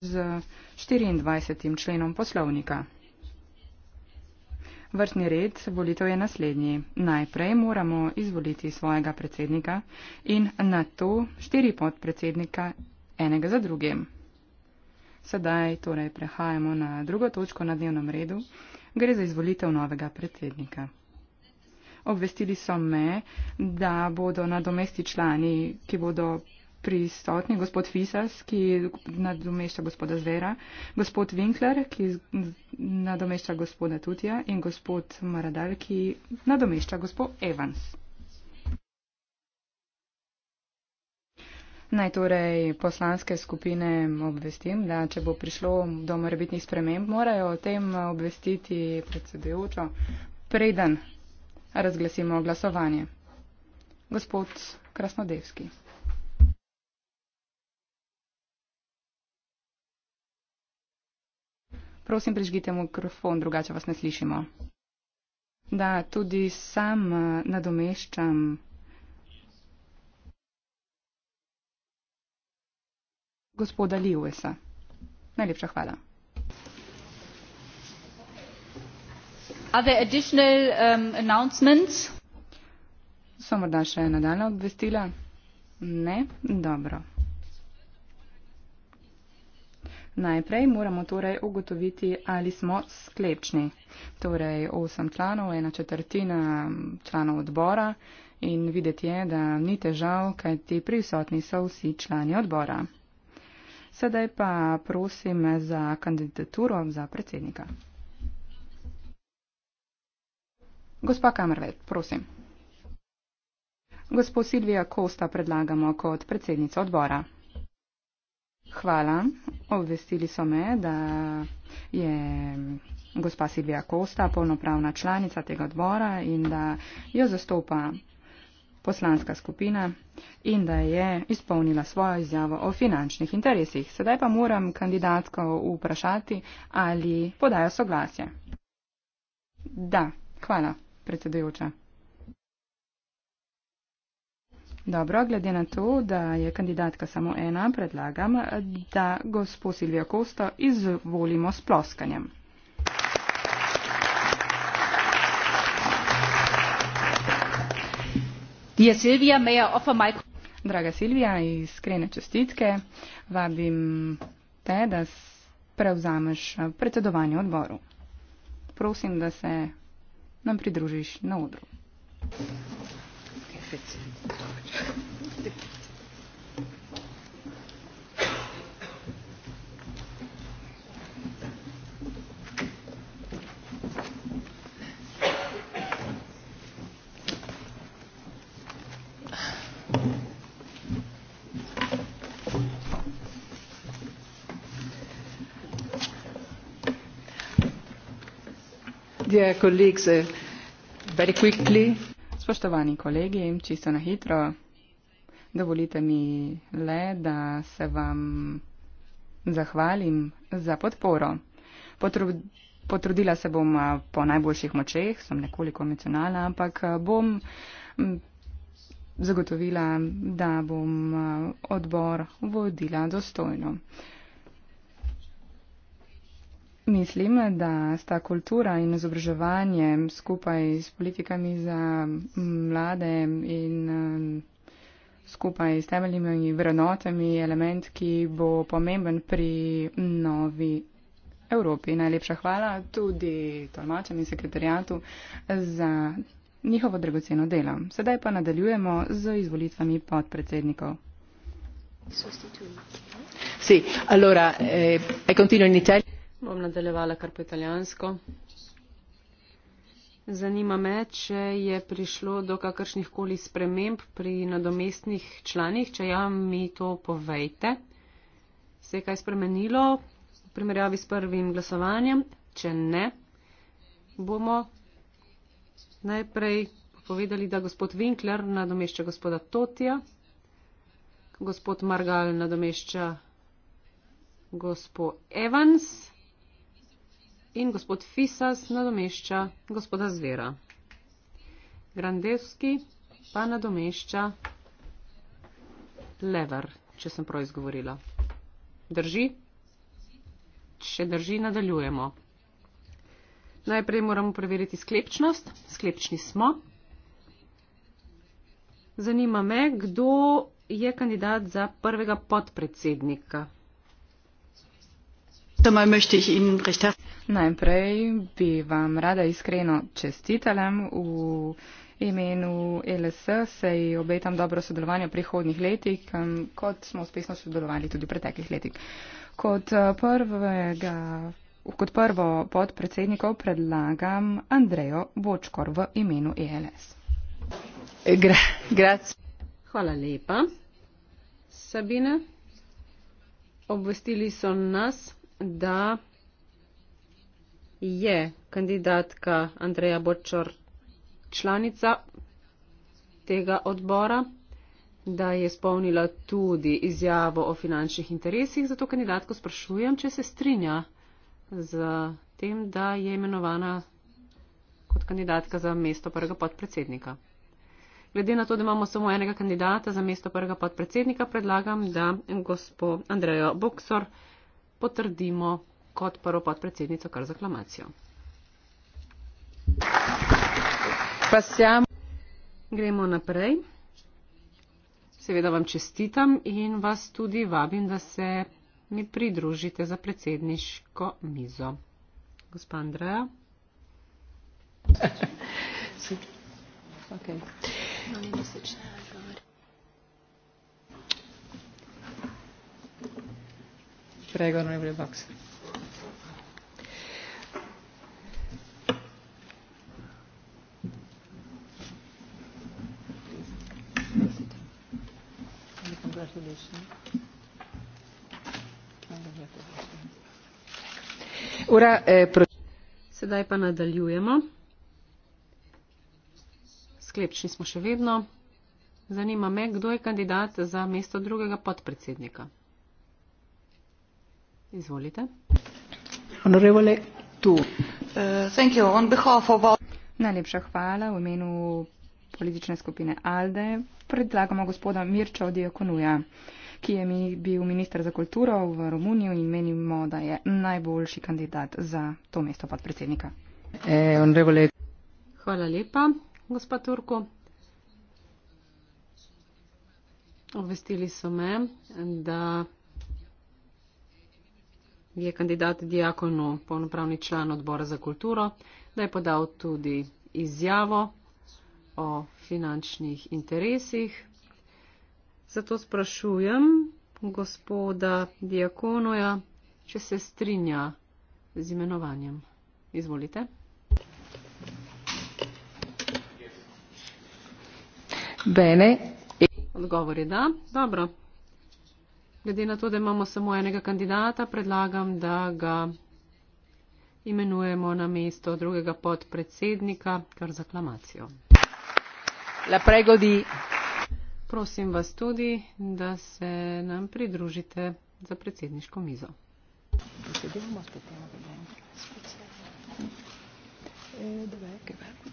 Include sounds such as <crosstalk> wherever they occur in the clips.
z 24. členom poslovnika. Vrtni red volitev je naslednji. Najprej moramo izvoliti svojega predsednika in na to štiri podpredsednika enega za drugim. Sedaj torej prehajamo na drugo točko na dnevnem redu. Gre za izvolitev novega predsednika. Obvestili so me, da bodo nadomesti člani, ki bodo prisotni gospod Fisas, ki nadomešča gospoda Zvera, gospod Winkler, ki nadomešča gospoda Tutija in gospod Maradal, ki nadomešča gospod Evans. Naj torej poslanske skupine obvestim, da če bo prišlo do morebitnih sprememb, morajo o tem obvestiti predsedujočo, preden razglasimo glasovanje. Gospod Krasnodevski. Prosim, prižgite mikrofon, drugače vas ne slišimo. Da, tudi sam eh, nadomeščam. Gospoda Liuesa. Najlepša hvala. Um, so morda še nadaljne obvestila? Ne? Dobro. Najprej moramo torej ugotoviti, ali smo sklepčni. Torej, osem članov, ena četrtina članov odbora in videti je, da ni težav, kaj ti prisotni so vsi člani odbora. Sedaj pa prosim za kandidaturo za predsednika. Gospa Kamrvet, prosim. Gospod Silvija Kosta predlagamo kot predsednica odbora. Hvala. Obvestili so me, da je gospa Silvija Kosta polnopravna članica tega odbora in da jo zastopa poslanska skupina in da je izpolnila svojo izjavo o finančnih interesih. Sedaj pa moram kandidatko vprašati, ali podajo soglasje. Da, hvala, predsedujoča. Dobro, glede na to, da je kandidatka samo ena, predlagam, da gospod Silvija Kosta izvolimo s ploskanjem. Draga Silvija, iskrene čestitke. Vabim te, da prevzameš predsedovanje odboru. Prosim, da se nam pridružiš na odru. Dear colleagues, uh, very quickly, Spoštovani kolegi, čisto na hitro, dovolite mi le, da se vam zahvalim za podporo. Potrudila se bom eh, po najboljših močeh, sem nekoliko emocionalna, ampak eh, bom mm, zagotovila, da bom eh, odbor vodila dostojno. Mislim, da sta kultura in izobraževanje skupaj s politikami za mlade in um, skupaj s temeljnimi vrednotami element, ki bo pomemben pri novi Evropi. Najlepša hvala tudi tolmačem in sekretarjatu za njihovo dragoceno delo. Sedaj pa nadaljujemo z izvolitvami podpredsednikov. Sì, allora eh, e continuo in Italia. Bom nadaljevala kar po italijansko. Zanima me, če je prišlo do kakršnih koli sprememb pri nadomestnih članih, če ja, mi to povejte. Se je kaj spremenilo v primerjavi s prvim glasovanjem? Če ne, bomo najprej povedali, da gospod Winkler nadomešča gospoda Totija, gospod Margal nadomešča gospod Evans in gospod Fisas nadomešča gospoda Zvera. Grandevski pa nadomešča Lever, če sem prav izgovorila. Drži? Če drži, nadaljujemo. Najprej moramo preveriti sklepčnost. Sklepčni smo. Zanima me, kdo je kandidat za prvega podpredsednika najprej bi vam rada iskreno čestitala v imenu LS, sej obetam dobro sodelovanje v prihodnih letih, kot smo uspešno sodelovali tudi v preteklih letih. Kot, eh, prvega, kot prvo podpredsednikov predlagam Andrejo Bočkor v imenu ELS. Eh, gra, grac. Hvala lepa. Sabina, obvestili so nas, da je kandidatka Andreja Bočor članica tega odbora, da je spomnila tudi izjavo o finančnih interesih, zato kandidatko sprašujem, če se strinja z tem, da je imenovana kot kandidatka za mesto prvega podpredsednika. Glede na to, da imamo samo enega kandidata za mesto prvega podpredsednika, predlagam, da gospod Andrejo Boksor potrdimo kot prvo podpredsednico kar z aklamacijo. Gremo naprej. Seveda vam čestitam in vas tudi vabim, da se mi pridružite za predsedniško mizo. Gospa Andreja. <laughs> okay. No, Prego, onorevole Box. Ura, eh, Sedaj pa nadaljujemo. Sklepčni smo še vedno. Zanima me, kdo je kandidat za mesto drugega podpredsednika. Izvolite. Honorable tu. Uh, thank you. On behalf of all... Najlepša hvala v imenu politične skupine ALDE. Predlagamo gospoda Mirča od Jakonuja, ki je mi bil minister za kulturo v Romuniju in menimo, da je najboljši kandidat za to mesto podpredsednika. Eh, hvala lepa, gospod Turko. Obvestili so me, da je kandidat Diakonu, polnopravni član odbora za kulturo, da je podal tudi izjavo o finančnih interesih. Zato sprašujem gospoda Diakonoja, če se strinja z imenovanjem. Izvolite. Bene. Odgovor je da. Dobro. Glede na to, da imamo samo enega kandidata, predlagam, da ga imenujemo na mesto drugega podpredsednika, kar za klamacijo. La pregodi. Prosim vas tudi, da se nam pridružite za predsedniško mizo. Dve, dve, dve, dve.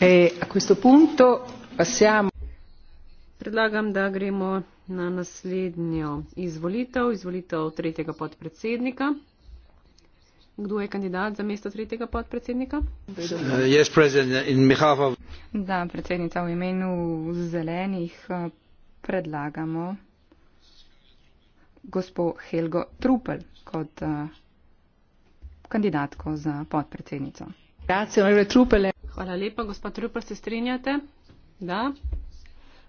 E, Predlagam, da gremo na naslednjo izvolitev, izvolitev tretjega podpredsednika. Kdo je kandidat za mesto tretjega podpredsednika? Uh, da, predsednica v imenu zelenih uh, predlagamo gospo Helgo Trupel kot uh, kandidatko za podpredsednico. Grazie, onorevole Trupele. Hvala lepa, gospod Rupert, se strinjate? Da.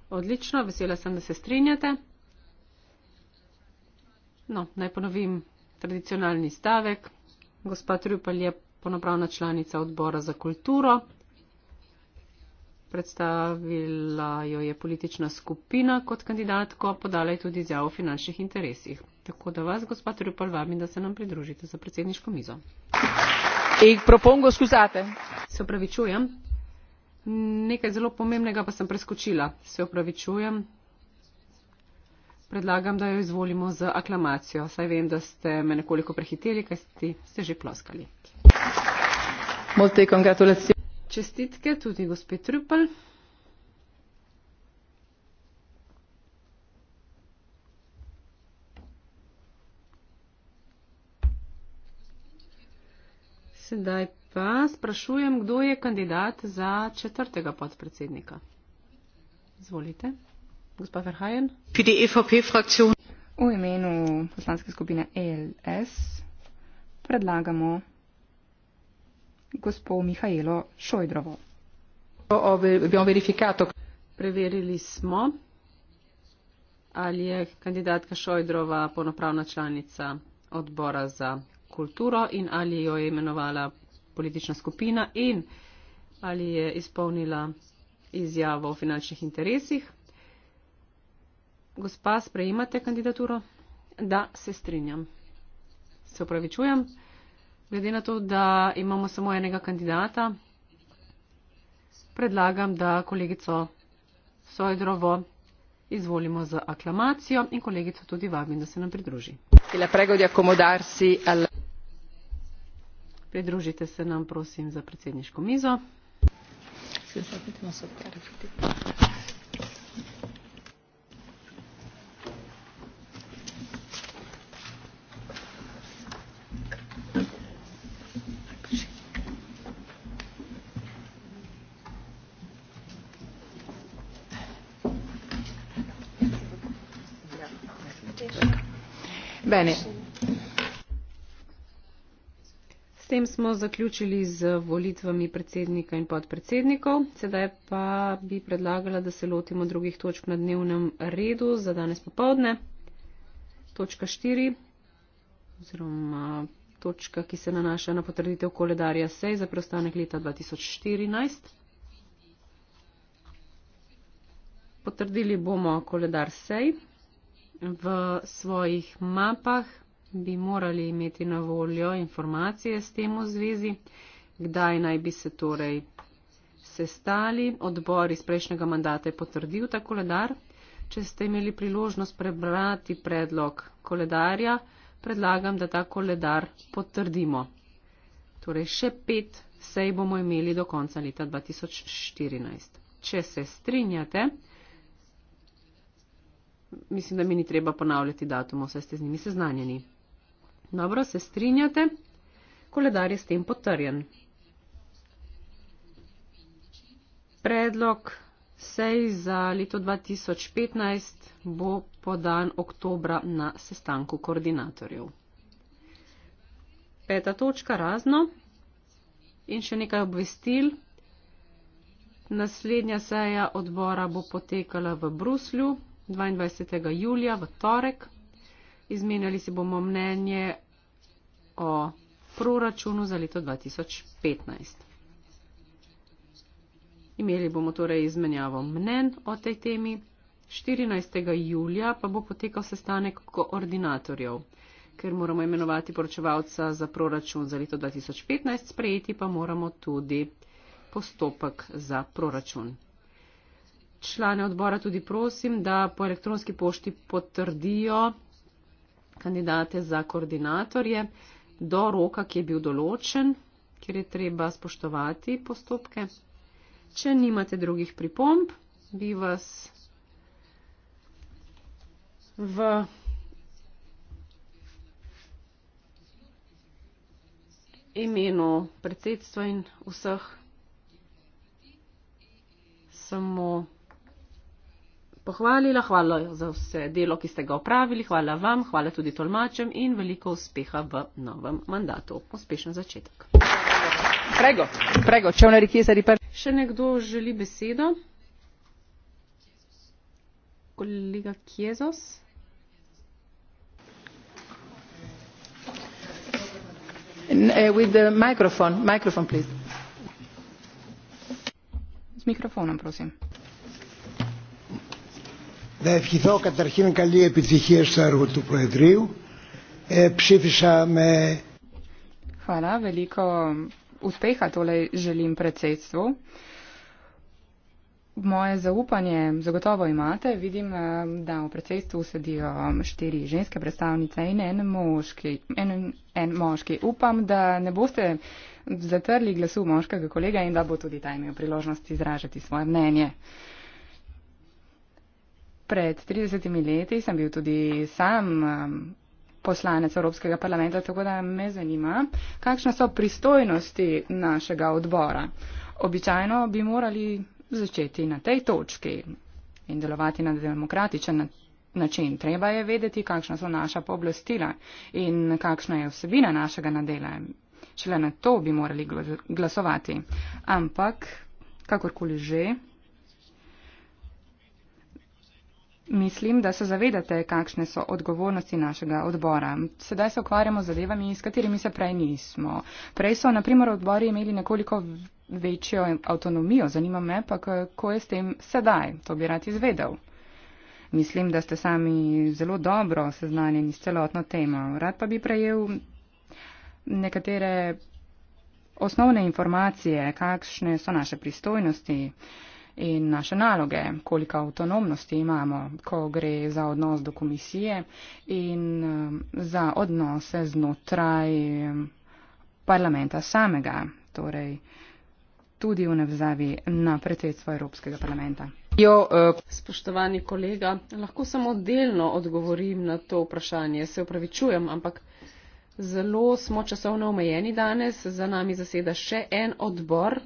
Odlično, vesela sem, da se strinjate. No, naj ponovim tradicionalni stavek. Gospa Trupel je ponopravna članica odbora za kulturo. Predstavila jo je politična skupina kot kandidatko, podala je tudi izjavo o finančnih interesih. Tako da vas, gospa Trupel, vabim, da se nam pridružite za predsedniško mizo. Aplauz se opravičujem nekaj zelo pomembnega pa sem preskočila se opravičujem predlagam da jo izvolimo z aklamacijo saj vem da ste me nekoliko prehiteli kaj ste, ste že ploskali čestitke tudi gospe trupel Sedaj pa sprašujem, kdo je kandidat za četrtega podpredsednika. Zvolite. Gospa Verhajen. V imenu poslanske skupine ELS predlagamo gospo Mihajlo Šojdrovo. Preverili smo, ali je kandidatka Šojdrova polnopravna članica odbora za kulturo in ali jo je imenovala politična skupina in ali je izpolnila izjavo o finančnih interesih. Gospa, sprejimate kandidaturo? Da, se strinjam. Se upravičujem. Glede na to, da imamo samo enega kandidata, predlagam, da kolegico Sojdrovo izvolimo z aklamacijo in kolegico tudi vabim, da se nam pridruži. Prego di accomodarsi al Pridružite se nam, prosim, za predsedniško mizo. Bene. tem smo zaključili z volitvami predsednika in podpredsednikov. Sedaj pa bi predlagala, da se lotimo drugih točk na dnevnem redu za danes popovdne. Točka 4 oziroma točka, ki se nanaša na potrditev koledarja sej za preostanek leta 2014. Potrdili bomo koledar sej v svojih mapah bi morali imeti na voljo informacije s tem v zvezi, kdaj naj bi se torej sestali. Odbor iz prejšnjega mandata je potrdil ta koledar. Če ste imeli priložnost prebrati predlog koledarja, predlagam, da ta koledar potrdimo. Torej še pet sej bomo imeli do konca leta 2014. Če se strinjate, mislim, da mi ni treba ponavljati datumov, saj ste z njimi seznanjeni. Dobro, se strinjate? Koledar je s tem potrjen. Predlog sej za leto 2015 bo podan oktobra na sestanku koordinatorjev. Peta točka razno in še nekaj obvestil. Naslednja seja odbora bo potekala v Bruslju 22. julija v torek. Izmenjali si bomo mnenje o proračunu za leto 2015. Imeli bomo torej izmenjavo mnen o tej temi. 14. julija pa bo potekal sestanek koordinatorjev, ker moramo imenovati poročevalca za proračun za leto 2015, sprejeti pa moramo tudi postopek za proračun. Člane odbora tudi prosim, da po elektronski pošti potrdijo kandidate za koordinatorje do roka, ki je bil določen, ker je treba spoštovati postopke. Če nimate drugih pripomb, bi vas v. imenu predsedstva in vseh samo pohvalila, hvala za vse delo, ki ste ga opravili, hvala vam, hvala tudi tolmačem in veliko uspeha v novem mandatu. Uspešen začetek. Prego, prego, če v neriki se riper. Še nekdo želi besedo? Kolega Kjezos? Eh, with the microphone, microphone please. S mikrofonom, prosim. Να ευχηθώ καταρχήν καλή επιτυχία στο έργο του Προεδρείου. Ε, ψήφισα με... Χαρά, βελίκο ουσπέχα το λέει «Ζελίμ πρετσέτσου». Moje zaupanje zagotovo imate. Vidim, eh, da v predsedstvu sedijo um, štiri ženske predstavnice in en moški. En, en moški. Upam, da ne boste zatrli glasu moškega kolega in da bo tudi ta imel priložnost izražati svoje mnenje pred 30 leti sem bil tudi sam um, poslanec Evropskega parlamenta, tako da me zanima, kakšne so pristojnosti našega odbora. Običajno bi morali začeti na tej točki in delovati na demokratičen način. Treba je vedeti, kakšna so naša pooblastila in kakšna je vsebina našega nadela. Šele na to bi morali glasovati. Ampak, kakorkoli že, Mislim, da se zavedate, kakšne so odgovornosti našega odbora. Sedaj se ukvarjamo z zadevami, s katerimi se prej nismo. Prej so, na primer, odbori imeli nekoliko večjo avtonomijo. Zanima me pa, kako je s tem sedaj. To bi rad izvedel. Mislim, da ste sami zelo dobro seznanjeni s celotno temo. Rad pa bi prejel nekatere osnovne informacije, kakšne so naše pristojnosti in naše naloge, koliko avtonomnosti imamo, ko gre za odnos do komisije in eh, za odnose znotraj eh, parlamenta samega, torej tudi v nevzavi na predsedstvo Evropskega parlamenta. Jo, uh, spoštovani kolega, lahko samo delno odgovorim na to vprašanje. Se upravičujem, ampak zelo smo časovno omejeni danes. Za nami zaseda še en odbor,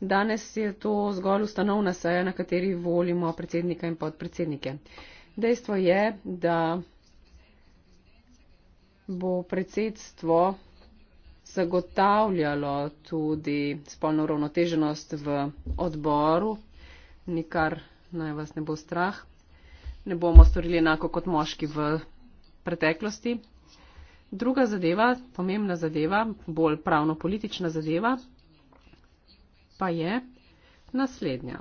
Danes je to zgolj ustanovna seja, na kateri volimo predsednika in podpredsednike. Dejstvo je, da bo predsedstvo zagotavljalo tudi spolno ravnoteženost v odboru. Nikar naj vas ne bo strah. Ne bomo storili enako kot moški v preteklosti. Druga zadeva, pomembna zadeva, bolj pravno-politična zadeva, pa je naslednja.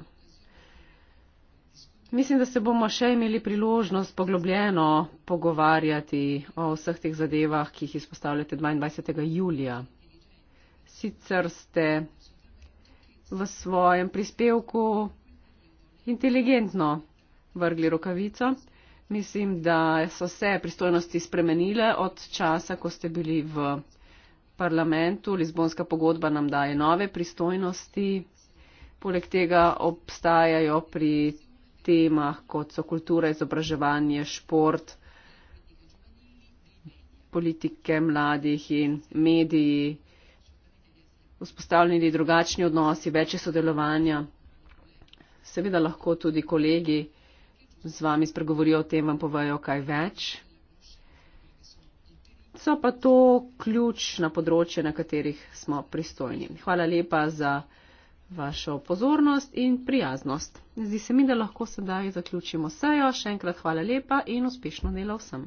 Mislim, da se bomo še imeli priložnost poglobljeno pogovarjati o vseh teh zadevah, ki jih izpostavljate 22. julija. Sicer ste v svojem prispevku inteligentno vrgli rokavico. Mislim, da so se pristojnosti spremenile od časa, ko ste bili v parlamentu. Lizbonska pogodba nam daje nove pristojnosti. Poleg tega obstajajo pri temah, kot so kultura, izobraževanje, šport, politike mladih in mediji. Vzpostavljeni drugačni odnosi, večje sodelovanja. Seveda lahko tudi kolegi z vami spregovorijo o tem, vam povejo kaj več so pa to ključna področja, na katerih smo pristojni. Hvala lepa za vašo pozornost in prijaznost. Zdi se mi, da lahko sedaj zaključimo sejo. Še enkrat hvala lepa in uspešno delo vsem.